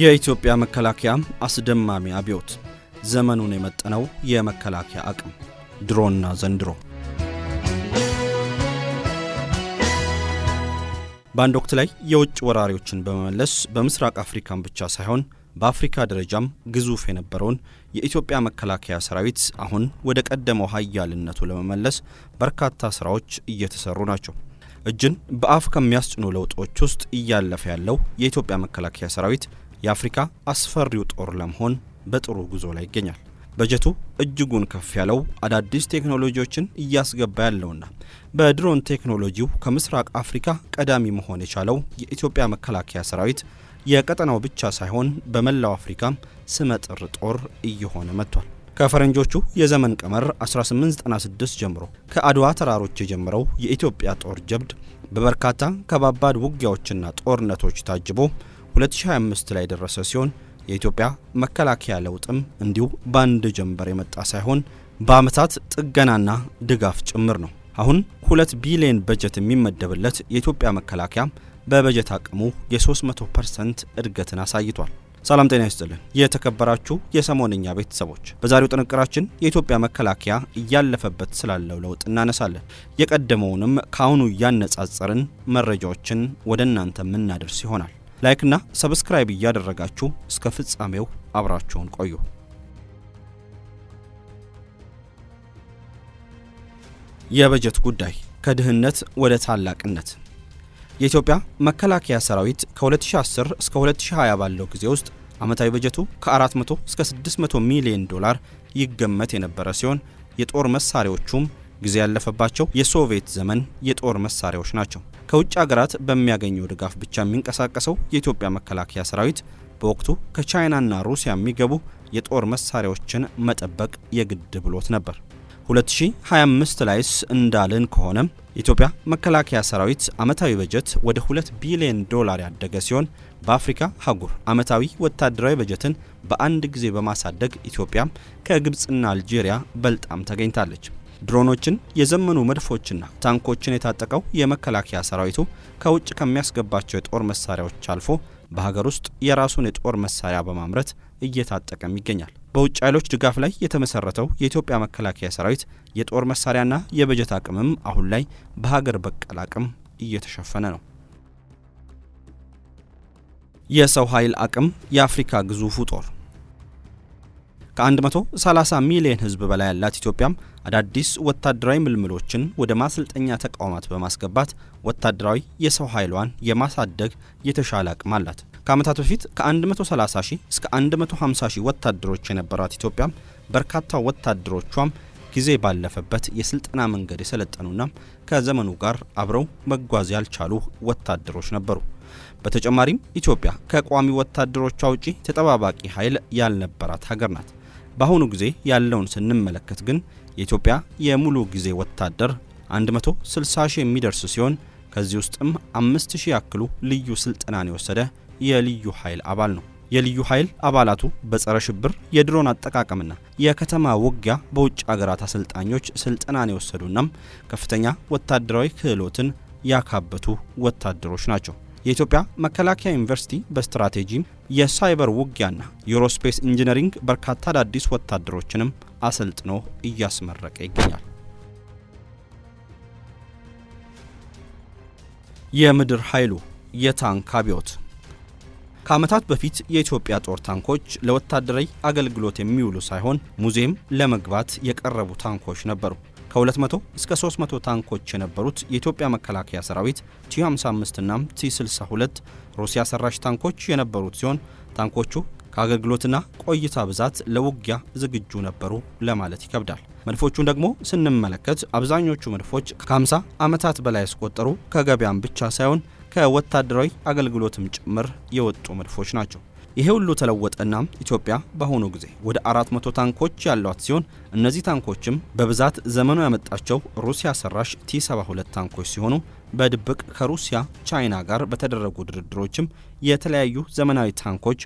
የኢትዮጵያ መከላከያ አስደማሚ አብዮት፣ ዘመኑን የመጠነው የመከላከያ አቅም፣ ድሮና ዘንድሮ። በአንድ ወቅት ላይ የውጭ ወራሪዎችን በመመለስ በምስራቅ አፍሪካን ብቻ ሳይሆን በአፍሪካ ደረጃም ግዙፍ የነበረውን የኢትዮጵያ መከላከያ ሰራዊት አሁን ወደ ቀደመው ኃያልነቱ ለመመለስ በርካታ ስራዎች እየተሰሩ ናቸው። እጅን በአፍ ከሚያስጭኑ ለውጦች ውስጥ እያለፈ ያለው የኢትዮጵያ መከላከያ ሰራዊት የአፍሪካ አስፈሪው ጦር ለመሆን በጥሩ ጉዞ ላይ ይገኛል። በጀቱ እጅጉን ከፍ ያለው አዳዲስ ቴክኖሎጂዎችን እያስገባ ያለውና በድሮን ቴክኖሎጂው ከምስራቅ አፍሪካ ቀዳሚ መሆን የቻለው የኢትዮጵያ መከላከያ ሰራዊት የቀጠናው ብቻ ሳይሆን በመላው አፍሪካም ስመጥር ጦር እየሆነ መጥቷል። ከፈረንጆቹ የዘመን ቀመር 1896 ጀምሮ ከአድዋ ተራሮች የጀመረው የኢትዮጵያ ጦር ጀብድ በበርካታ ከባባድ ውጊያዎችና ጦርነቶች ታጅቦ 2025 ላይ የደረሰ ሲሆን የኢትዮጵያ መከላከያ ለውጥም እንዲሁ በአንድ ጀንበር የመጣ ሳይሆን በዓመታት ጥገናና ድጋፍ ጭምር ነው። አሁን ሁለት ቢሊዮን በጀት የሚመደብለት የኢትዮጵያ መከላከያ በበጀት አቅሙ የ300 ፐርሰንት እድገትን አሳይቷል። ሰላም ጤና ይስጥልን የተከበራችሁ የሰሞነኛ ቤተሰቦች፣ በዛሬው ጥንቅራችን የኢትዮጵያ መከላከያ እያለፈበት ስላለው ለውጥ እናነሳለን። የቀደመውንም ከአሁኑ እያነጻጸርን መረጃዎችን ወደ እናንተ የምናደርስ ይሆናል። ላይክና ሰብስክራይብ እያደረጋችሁ እስከ ፍጻሜው አብራችሁን ቆዩ። የበጀት ጉዳይ ከድህነት ወደ ታላቅነት። የኢትዮጵያ መከላከያ ሰራዊት ከ2010 እስከ 2020 ባለው ጊዜ ውስጥ ዓመታዊ በጀቱ ከ400 እስከ 600 ሚሊዮን ዶላር ይገመት የነበረ ሲሆን የጦር መሳሪያዎቹም ጊዜ ያለፈባቸው የሶቪየት ዘመን የጦር መሳሪያዎች ናቸው። ከውጭ ሀገራት በሚያገኘው ድጋፍ ብቻ የሚንቀሳቀሰው የኢትዮጵያ መከላከያ ሰራዊት በወቅቱ ከቻይናና ሩሲያ የሚገቡ የጦር መሳሪያዎችን መጠበቅ የግድ ብሎት ነበር። 2025 ላይስ እንዳልን ከሆነም የኢትዮጵያ መከላከያ ሰራዊት ዓመታዊ በጀት ወደ 2 ቢሊዮን ዶላር ያደገ ሲሆን በአፍሪካ አህጉር ዓመታዊ ወታደራዊ በጀትን በአንድ ጊዜ በማሳደግ ኢትዮጵያ ከግብፅና አልጄሪያ በልጣም ተገኝታለች። ድሮኖችን፣ የዘመኑ መድፎችና ታንኮችን የታጠቀው የመከላከያ ሰራዊቱ ከውጭ ከሚያስገባቸው የጦር መሳሪያዎች አልፎ በሀገር ውስጥ የራሱን የጦር መሳሪያ በማምረት እየታጠቀም ይገኛል። በውጭ ኃይሎች ድጋፍ ላይ የተመሰረተው የኢትዮጵያ መከላከያ ሰራዊት የጦር መሳሪያና የበጀት አቅምም አሁን ላይ በሀገር በቀል አቅም እየተሸፈነ ነው። የሰው ኃይል አቅም የአፍሪካ ግዙፉ ጦር ከ130 ሚሊዮን ህዝብ በላይ ያላት ኢትዮጵያም አዳዲስ ወታደራዊ ምልምሎችን ወደ ማሰልጠኛ ተቋማት በማስገባት ወታደራዊ የሰው ኃይሏን የማሳደግ የተሻለ አቅም አላት። ከዓመታት በፊት ከ130 ሺህ እስከ 150 ሺህ ወታደሮች የነበራት ኢትዮጵያ በርካታ ወታደሮቿም ጊዜ ባለፈበት የስልጠና መንገድ የሰለጠኑና ከዘመኑ ጋር አብረው መጓዝ ያልቻሉ ወታደሮች ነበሩ። በተጨማሪም ኢትዮጵያ ከቋሚ ወታደሮቿ ውጪ ተጠባባቂ ኃይል ያልነበራት ሀገር ናት። በአሁኑ ጊዜ ያለውን ስንመለከት ግን የኢትዮጵያ የሙሉ ጊዜ ወታደር 160 ሺህ የሚደርስ ሲሆን ከዚህ ውስጥም ሺህ ያክሉ ልዩ ስልጠናን የወሰደ የልዩ ኃይል አባል ነው። የልዩ ኃይል አባላቱ በጸረ ሽብር፣ የድሮን አጠቃቀምና የከተማ ውጊያ በውጭ አገራት አሰልጣኞች ስልጠናን የወሰዱናም ከፍተኛ ወታደራዊ ክህሎትን ያካበቱ ወታደሮች ናቸው። የኢትዮጵያ መከላከያ ዩኒቨርሲቲ በስትራቴጂ የሳይበር ውጊያና የሮስፔስ ኢንጂነሪንግ በርካታ አዳዲስ ወታደሮችንም አሰልጥኖ እያስመረቀ ይገኛል። የምድር ኃይሉ የታንክ አብዮት ከዓመታት በፊት የኢትዮጵያ ጦር ታንኮች ለወታደራዊ አገልግሎት የሚውሉ ሳይሆን ሙዚየም ለመግባት የቀረቡ ታንኮች ነበሩ። ከ200 እስከ 300 ታንኮች የነበሩት የኢትዮጵያ መከላከያ ሰራዊት ቲ55 እና ቲ62 ሩሲያ ሰራሽ ታንኮች የነበሩት ሲሆን ታንኮቹ ከአገልግሎትና ቆይታ ብዛት ለውጊያ ዝግጁ ነበሩ ለማለት ይከብዳል። መድፎቹን ደግሞ ስንመለከት አብዛኞቹ መድፎች ከ50 ዓመታት በላይ ያስቆጠሩ ከገበያም ብቻ ሳይሆን ከወታደራዊ አገልግሎትም ጭምር የወጡ መድፎች ናቸው። ይሄ ሁሉ ተለወጠና ኢትዮጵያ በአሁኑ ጊዜ ወደ 400 ታንኮች ያሏት ሲሆን እነዚህ ታንኮችም በብዛት ዘመኑ ያመጣቸው ሩሲያ ሰራሽ ቲ72 ታንኮች ሲሆኑ በድብቅ ከሩሲያ ቻይና ጋር በተደረጉ ድርድሮችም የተለያዩ ዘመናዊ ታንኮች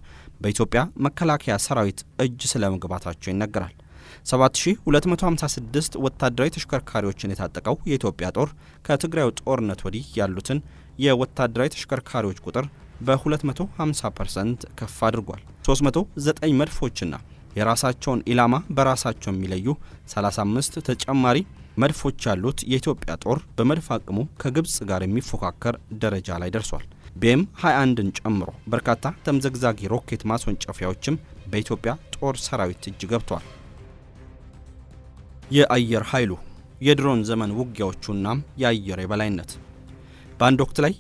በኢትዮጵያ መከላከያ ሰራዊት እጅ ስለመግባታቸው ይነገራል። 7256 ወታደራዊ ተሽከርካሪዎችን የታጠቀው የኢትዮጵያ ጦር ከትግራዩ ጦርነት ወዲህ ያሉትን የወታደራዊ ተሽከርካሪዎች ቁጥር በ250 ፐርሰንት ከፍ አድርጓል። 309 መድፎችና የራሳቸውን ኢላማ በራሳቸው የሚለዩ 35 ተጨማሪ መድፎች ያሉት የኢትዮጵያ ጦር በመድፍ አቅሙ ከግብፅ ጋር የሚፎካከር ደረጃ ላይ ደርሷል። ቤም 21ን ጨምሮ በርካታ ተምዘግዛጊ ሮኬት ማስወንጨፊያዎችም በኢትዮጵያ ጦር ሰራዊት እጅ ገብተዋል። የአየር ኃይሉ የድሮን ዘመን ውጊያዎቹና የአየር የበላይነት በአንድ ወቅት ላይ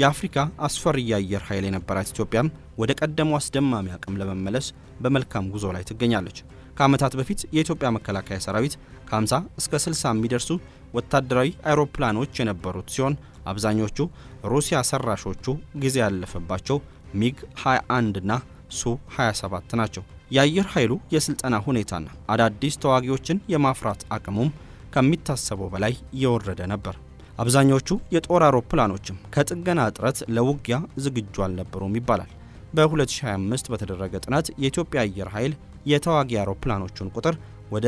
የአፍሪካ አስፈሪ የአየር ኃይል የነበራት ኢትዮጵያም ወደ ቀደመው አስደማሚ አቅም ለመመለስ በመልካም ጉዞ ላይ ትገኛለች። ከዓመታት በፊት የኢትዮጵያ መከላከያ ሰራዊት ከ50 እስከ 60 የሚደርሱ ወታደራዊ አይሮፕላኖች የነበሩት ሲሆን አብዛኞቹ ሩሲያ ሰራሾቹ ጊዜ ያለፈባቸው ሚግ 21 እና ሱ 27 ናቸው። የአየር ኃይሉ የስልጠና ሁኔታና አዳዲስ ተዋጊዎችን የማፍራት አቅሙም ከሚታሰበው በላይ የወረደ ነበር። አብዛኛዎቹ የጦር አውሮፕላኖችም ከጥገና እጥረት ለውጊያ ዝግጁ አልነበሩም ይባላል። በ2025 በተደረገ ጥናት የኢትዮጵያ አየር ኃይል የተዋጊ አውሮፕላኖቹን ቁጥር ወደ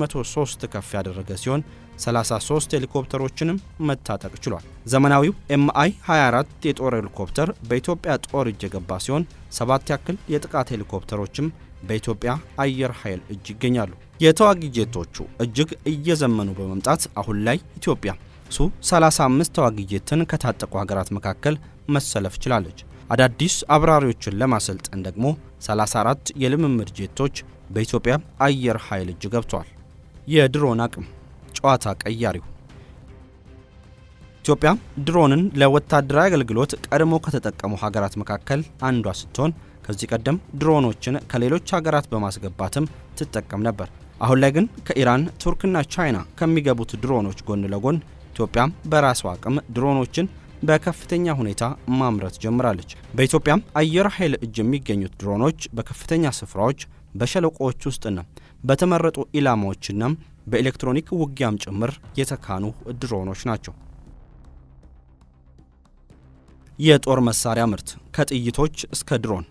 103 ከፍ ያደረገ ሲሆን 33 ሄሊኮፕተሮችንም መታጠቅ ችሏል። ዘመናዊው ኤምአይ 24 የጦር ሄሊኮፕተር በኢትዮጵያ ጦር እጅ የገባ ሲሆን ሰባት ያክል የጥቃት ሄሊኮፕተሮችም በኢትዮጵያ አየር ኃይል እጅ ይገኛሉ። የተዋጊ ጄቶቹ እጅግ እየዘመኑ በመምጣት አሁን ላይ ኢትዮጵያ ሱ 35 ተዋጊ ጄትን ከታጠቁ ሀገራት መካከል መሰለፍ ችላለች። አዳዲስ አብራሪዎችን ለማሰልጠን ደግሞ 34 የልምምድ ጄቶች በኢትዮጵያ አየር ኃይል እጅ ገብተዋል። የድሮን አቅም ጨዋታ ቀያሪው ኢትዮጵያ ድሮንን ለወታደራዊ አገልግሎት ቀድሞ ከተጠቀሙ ሀገራት መካከል አንዷ ስትሆን ከዚህ ቀደም ድሮኖችን ከሌሎች ሀገራት በማስገባትም ትጠቀም ነበር። አሁን ላይ ግን ከኢራን ቱርክና ቻይና ከሚገቡት ድሮኖች ጎን ለጎን ኢትዮጵያም በራሷ አቅም ድሮኖችን በከፍተኛ ሁኔታ ማምረት ጀምራለች። በኢትዮጵያም አየር ኃይል እጅ የሚገኙት ድሮኖች በከፍተኛ ስፍራዎች፣ በሸለቆዎች ውስጥና በተመረጡ ኢላማዎችና በኤሌክትሮኒክ ውጊያም ጭምር የተካኑ ድሮኖች ናቸው። የጦር መሳሪያ ምርት ከጥይቶች እስከ ድሮን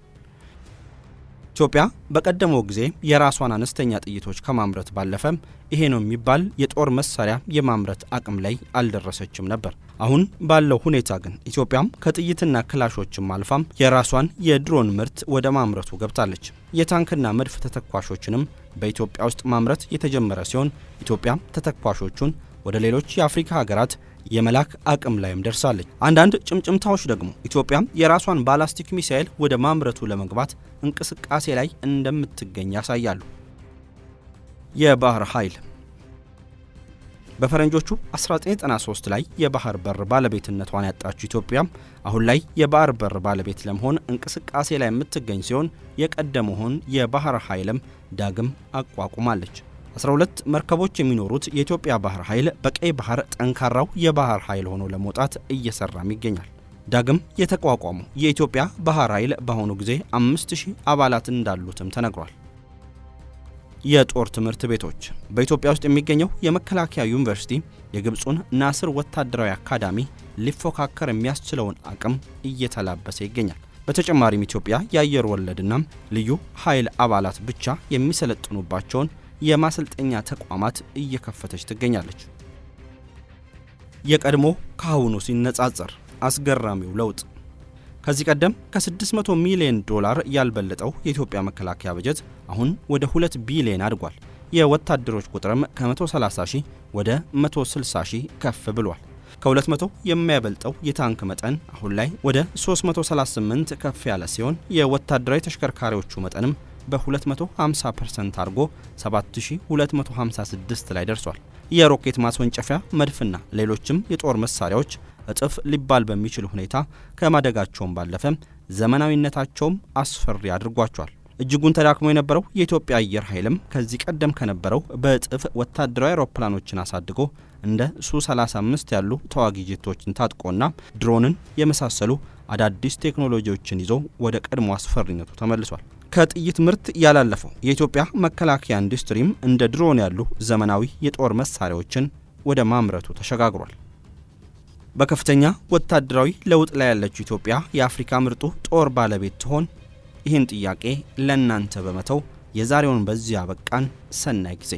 ኢትዮጵያ በቀደመው ጊዜ የራሷን አነስተኛ ጥይቶች ከማምረት ባለፈ ይሄ ነው የሚባል የጦር መሳሪያ የማምረት አቅም ላይ አልደረሰችም ነበር። አሁን ባለው ሁኔታ ግን ኢትዮጵያም ከጥይትና ክላሾችም አልፋም የራሷን የድሮን ምርት ወደ ማምረቱ ገብታለች። የታንክና መድፍ ተተኳሾችንም በኢትዮጵያ ውስጥ ማምረት የተጀመረ ሲሆን ኢትዮጵያም ተተኳሾቹን ወደ ሌሎች የአፍሪካ ሀገራት የመላክ አቅም ላይም ደርሳለች። አንዳንድ ጭምጭምታዎች ደግሞ ኢትዮጵያም የራሷን ባላስቲክ ሚሳኤል ወደ ማምረቱ ለመግባት እንቅስቃሴ ላይ እንደምትገኝ ያሳያሉ። የባህር ኃይል በፈረንጆቹ 1993 ላይ የባህር በር ባለቤትነቷን ያጣችው ኢትዮጵያም አሁን ላይ የባህር በር ባለቤት ለመሆን እንቅስቃሴ ላይ የምትገኝ ሲሆን የቀደመውን የባህር ኃይልም ዳግም አቋቁማለች። 12 መርከቦች የሚኖሩት የኢትዮጵያ ባህር ኃይል በቀይ ባህር ጠንካራው የባህር ኃይል ሆኖ ለመውጣት እየሰራም ይገኛል። ዳግም የተቋቋመው የኢትዮጵያ ባህር ኃይል በአሁኑ ጊዜ 5000 አባላት እንዳሉትም ተነግሯል። የጦር ትምህርት ቤቶች በኢትዮጵያ ውስጥ የሚገኘው የመከላከያ ዩኒቨርሲቲ የግብፁን ናስር ወታደራዊ አካዳሚ ሊፎካከር የሚያስችለውን አቅም እየተላበሰ ይገኛል። በተጨማሪም ኢትዮጵያ የአየር ወለድና ልዩ ኃይል አባላት ብቻ የሚሰለጥኑባቸውን የማሰልጠኛ ተቋማት እየከፈተች ትገኛለች። የቀድሞ ከአሁኑ ሲነጻጸር አስገራሚው ለውጥ ከዚህ ቀደም ከ600 ሚሊዮን ዶላር ያልበለጠው የኢትዮጵያ መከላከያ በጀት አሁን ወደ 2 ቢሊዮን አድጓል። የወታደሮች ቁጥርም ከ130 ሺህ ወደ 160 ሺህ ከፍ ብሏል። ከ200 የሚያበልጠው የታንክ መጠን አሁን ላይ ወደ 338 ከፍ ያለ ሲሆን የወታደራዊ ተሽከርካሪዎቹ መጠንም በ250 ፐርሰንት አድርጎ 7256 ላይ ደርሷል። የሮኬት ማስወንጨፊያ መድፍና ሌሎችም የጦር መሳሪያዎች እጥፍ ሊባል በሚችል ሁኔታ ከማደጋቸውም ባለፈ ዘመናዊነታቸውም አስፈሪ አድርጓቸዋል። እጅጉን ተዳክሞ የነበረው የኢትዮጵያ አየር ኃይልም ከዚህ ቀደም ከነበረው በእጥፍ ወታደራዊ አውሮፕላኖችን አሳድጎ እንደ ሱ 35 ያሉ ተዋጊ ጄቶችን ታጥቆና ድሮንን የመሳሰሉ አዳዲስ ቴክኖሎጂዎችን ይዞ ወደ ቀድሞ አስፈሪነቱ ተመልሷል። ከጥይት ምርት ያላለፈው የኢትዮጵያ መከላከያ ኢንዱስትሪም እንደ ድሮን ያሉ ዘመናዊ የጦር መሳሪያዎችን ወደ ማምረቱ ተሸጋግሯል። በከፍተኛ ወታደራዊ ለውጥ ላይ ያለችው ኢትዮጵያ የአፍሪካ ምርጡ ጦር ባለቤት ትሆን? ይህን ጥያቄ ለእናንተ በመተው የዛሬውን በዚያ በቃን። ሰናይ ጊዜ